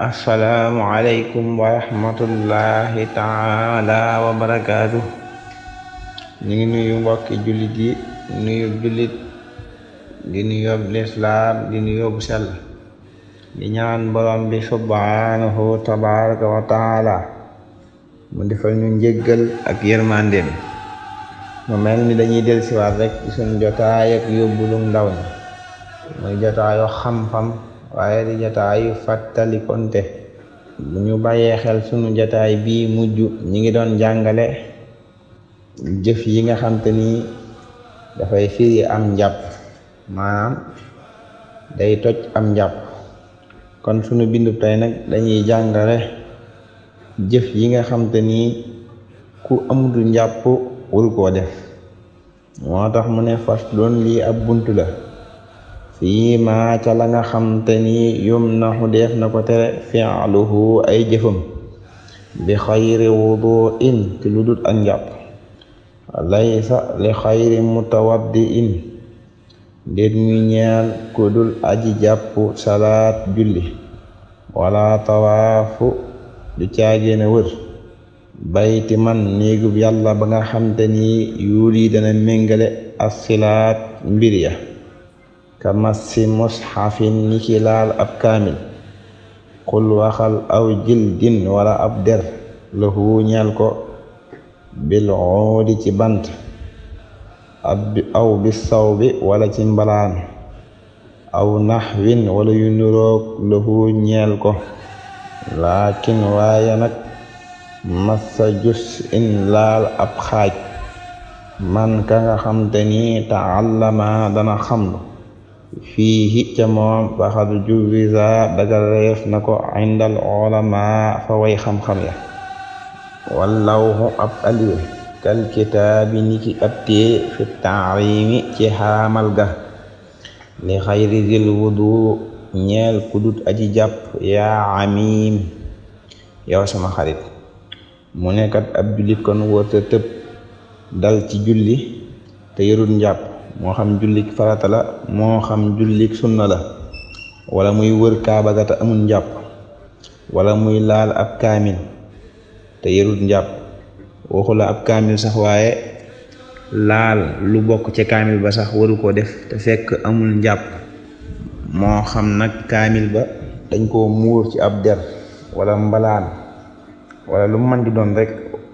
assalaamu aleykum wa rahmatullahi taala wa barakaatu ñu ngi nuyu mbokki jullit yi nuyu jullit di nuyoob lislaam di nuyoobu di ñaan borom bi subhaanahu tabaraka wa taala mu defal ñu njéggal ak yërmandeem mu mel ni dañuy del siwaat rek ci jotaay ak yóbbulum ndaw ñi muy xam-xam waaye di jataayu fàttalikonte bu ñu bàyyee xel sunu jataay bii mujj ñi ngi doon jàngale jëf yi nga xam te nii dafay firi am njàpp maanaam day toj am njàpp kon sunu bindu tey nag dañuy jàngale jëf yi nga xam te nii ku amudu njàpp waru koo def moo tax mu ne fas doon lii ab bunt la fii maa ca la nga xam ni yum naxu def na ko tere fi'luhu ay jëfam bi xayri wudu in ci lu dut ak njàpp laysa li xayri mutawaddi in déet muy ñeel ku aji jàpp salaat julli wala tawaafu du caagéene wër bayti man néegub yàlla ba nga xam te ni yuuli dana méngale asilaat mbir kamassi mushafin ni laal ab kaamil xul waxal aw jildin wala ab der lahu ñeel ko bil oodi ci bant aw bi saw bi wala ci mbalaan aw naxwin wala yu nuroog lahu ñeel ko lakin waaye nag massa jus in laal ab xaaj man ka nga xam te ni taallama dana xamlu fiihi ca moom faxad juwiza dagal reef na ko indal ulama fa way xam-xam ya wallawhu ab aliwe kal kitaabi ni ki ab tee fi taarimi ci xaamal ga li xayri zil wudu ñeel kudut aji jàpp ya amim yow sama xarit mu nekkat ab jullit kon wërta tëb dal ci julli te yërut njàpp moo xam jullik farata la moo xam jullik sunna la wala muy wër kaaba ga te amul njàpp wala muy laal ab kaamil te yërut njàpp waxula ab kaamil sax waaye laal lu bokk ca kaamil ba sax waru koo def te fekk amul njàpp moo xam nag kaamil ba dañ ko muur ci ab der wala mbalaan wala lu mën di doon rek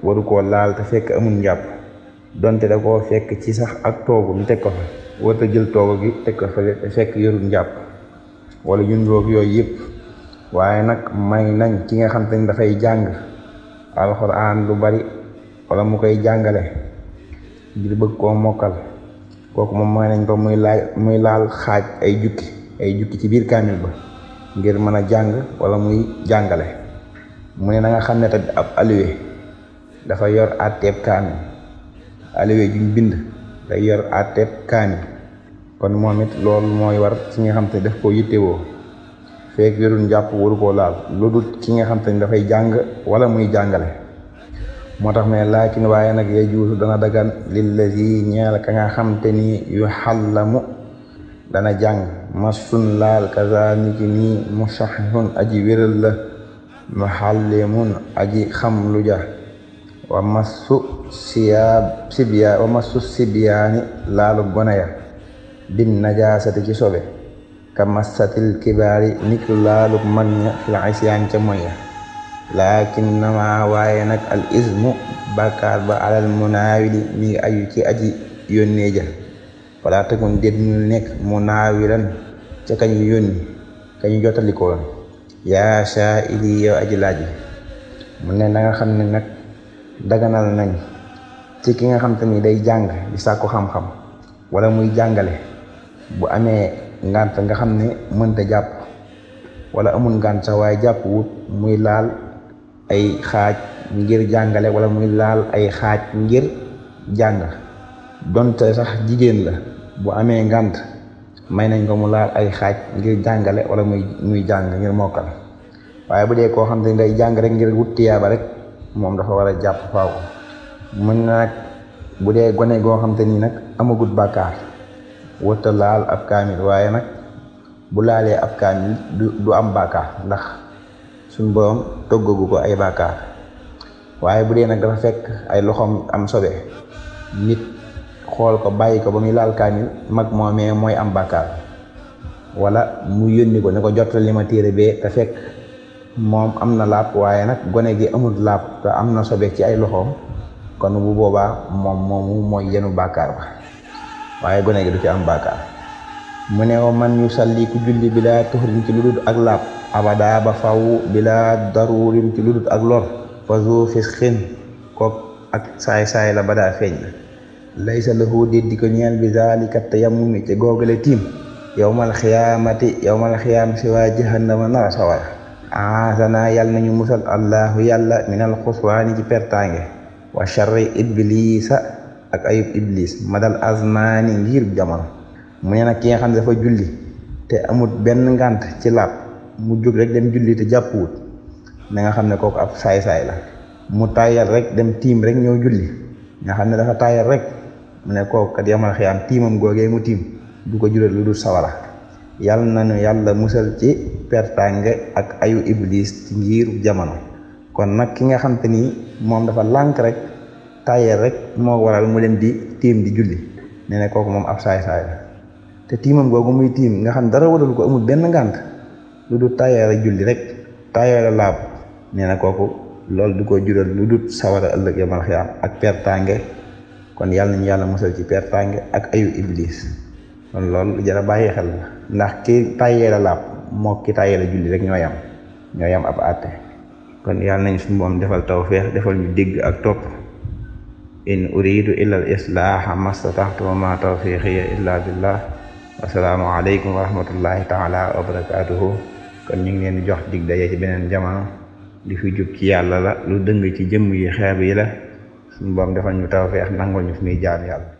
waru ko laal te fekk amul njàpp donte da koo fekk ci sax ak toogu ñu teg ko fa jël toogu gi teg ko fekk yorul njàpp wala ñun roog yooyu yëpp waaye nag may nañ ki nga xam te ni dafay jàng alxuraan lu bari wala mu koy jàngale ngir bëgg koo kooku moom may ko muy laal xaaj ay jukki ay jukki ci biir kaamil ba ngir mën a jàng wala muy jàngale mu ne na nga xam ne te ab alluwe dafa yor àtteeb kaamil aliwe juñ bind day yor àtteeb kaani kon moom it loolu mooy war ci nga xam te daf koo yittewoo fekk yorul njàpp waru koo laal lu dul ki nga xam te ni dafay jàng wala muy jàngale moo tax mu ne waaye nag yay juusu dana dagan lillazi ñeel ka nga xam te ni yu xàllamu dana jàng masun laal kaza niki nii musahihun aji wéral la muxallimun aji xam lu ja wa massu siyaab sibyaa wa masu sibyaani laalu gone ya bin najaasati ci sobe ka massatil kibaari nit ku laalu mag ña fil isyaan ca moy ya laakin waaye nag al ismu bàkkaar ba alal munaawili mi aju ci aji yónnee ja wala takun déet mu munaawilan ca kañu yónni kañu jotalikoon yaa saa ili yow aji laaj bi mu ne xam ne nag daganal nañ ci ki nga xam te ni day jàng di sàkku xam wala muy jàngale bu amee ngànt nga xam ne mënta jàpp wala amul ngànt jàpp wut muy laal ay xaaj ngir jàngale wala muy laal ay xaaj ngir jàng donte sax jigéen la boo amee ngànt may nañ ko mu laal ay xaaj ngir jàngale wala muy muy jàng ngir mokkal waaye bu dee koo xam te ni day jàng rek ngir wut tiyaaba rek moom dafa war a jàpp faaw mën na nag bu dee gone goo xam te nii nag amagut bàkkaar wërta laal ab kaamil waaye nag bu laalee ab kaamil du du am bàkkaar ndax suñ borom toggagu ko ay bàkkaar waaye bu dee nag dafa fekk ay loxoom am sobe nit xool ko bàyyi ko ba muy laal kaamil mag moomee mooy am bàkkaar wala mu yónni ko ne ko jotal li ma téere bee te fekk moom am na laab waaye nag gone gi amul laab te am na sobe ci ay loxoom kon bu boobaa moom moomu mooy yenu bàkkaar ba waaye gone gi du ci am bàkkaar mu ne wa man yu salli ku julli bi laa tuxrin ci lu dut ak laab abada ba faw bi laa darurin ci lu dut ak lor fa zo fisxin kook ak saay-saay la ba daa feeñ laysa lahu déet di ko ñeel bi zalika tayammumi ci googale tiim yowmal xiyaamati yowmal xiyaam si waa jahannama nara sawar aasana yàlla nañu musal allahu yàlla minal xuswaani ci pertaange wa sharri iblisa ak ayub iblis madal azmani ngir jamono mu ne nag ki nga xam ne dafa julli te amut benn ngant ci laab mu jóg rek dem julli te jàppuwut na nga xam ne kooku ab saay-saay la mu tayal rek dem tiim rek ñëw julli nga xam ne dafa tayal rek mu ne kook kat yamal xiyaam tiimam googee mu tiim du ko jural lu dul sawara na nañu yàlla musal ci pertange ak ayu iblis ci ngir jamono kon nag ki nga xam te ni moom dafa lànk rek tayel rek moo waral mu dem di tiim di julli nee na kooku moom ab saay-saay la te tiimam googu muy tiim nga xam dara waral ko amul benn ngànt lu dul tayel rek julli rek tayel a laab nee na kooku loolu du ko jural lu dul sawara ëllëg yamal xiyaam ak pertange kon yàlla nañu yàlla musal ci pertange ak ayu iblis kon loolu jara bàyyi xel la ndax ki tayel a laab moo ki tayel a julli rek ñoo yam ñoo yam ab àtte kon yàlla nañ suñ boom defal tawféex defal ñu digg ak topp in uridu illa al islaaha mastataxtu wa ma tawfiqiya illa billah wasalaamu aleykum wa rahmatullahi taala wa barakatuhu kon ñu ngi leen di jox digg daje ci beneen jamono di fi jub ci yàlla la lu dëng ci jëmm yi xeeb yi la suñ boom defal ñu tawféex nangoo ñu fu muy jaan yàlla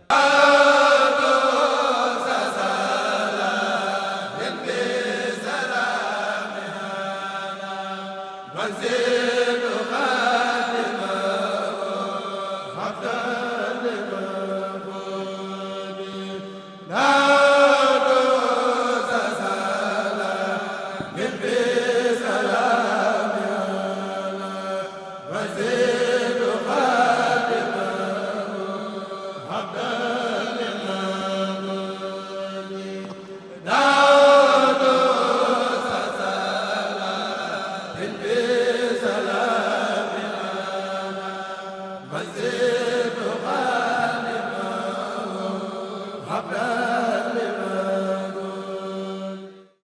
bil